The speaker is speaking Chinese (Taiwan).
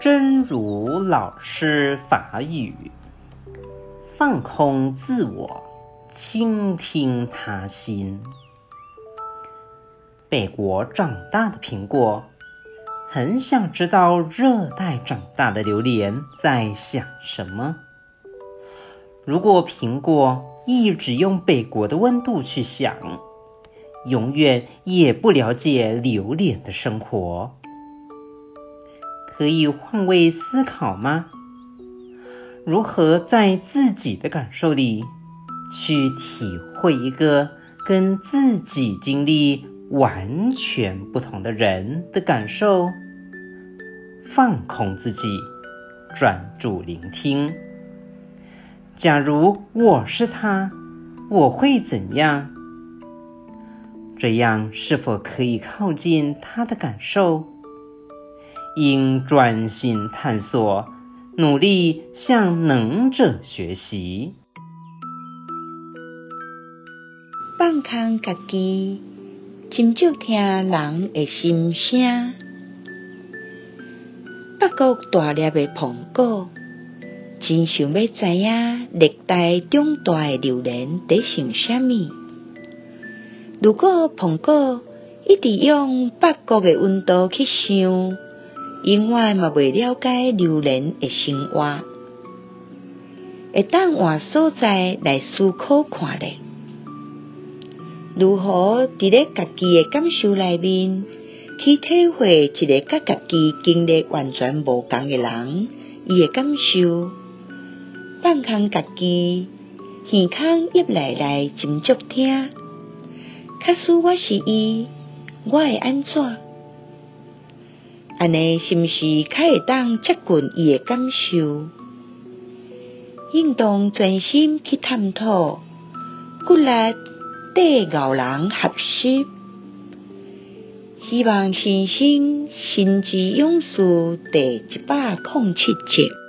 真如老師法語，放空自我，傾聽他心。北國長大的蘋果，很想知道熱帶長大的榴蓮在想什麼？如果蘋果一直用北國的溫度去想，永遠也不了解榴蓮的生活。可以換位思考嗎？如何在自己的感受裡去體會一個跟自己經歷完全不同的人的感受？放空自己，專注聆聽。假如我是他，我會怎樣？這樣是否可以靠近他的感受？應專心探索，努力向能者學習。放空自己，專注聽人的心聲。北國大漢的蘋果，真想要知影熱帶長大的榴槤在想什麼？如果蘋果一直用北國的溫度去想。因為嘛未了解流人的生活，一旦換所在來思考看咧，如何佇咧家己誒感受內面去體會一個甲家己經歷完全無同誒人，伊誒感受，放寬家己，耳孔一來來斟酌聽，假使我是伊，我會安怎？安尼是不是可以當接近伊的感受？應當專心去探討，鼓勵對牛人學習。希望新生《心之勇士》第一百空七集。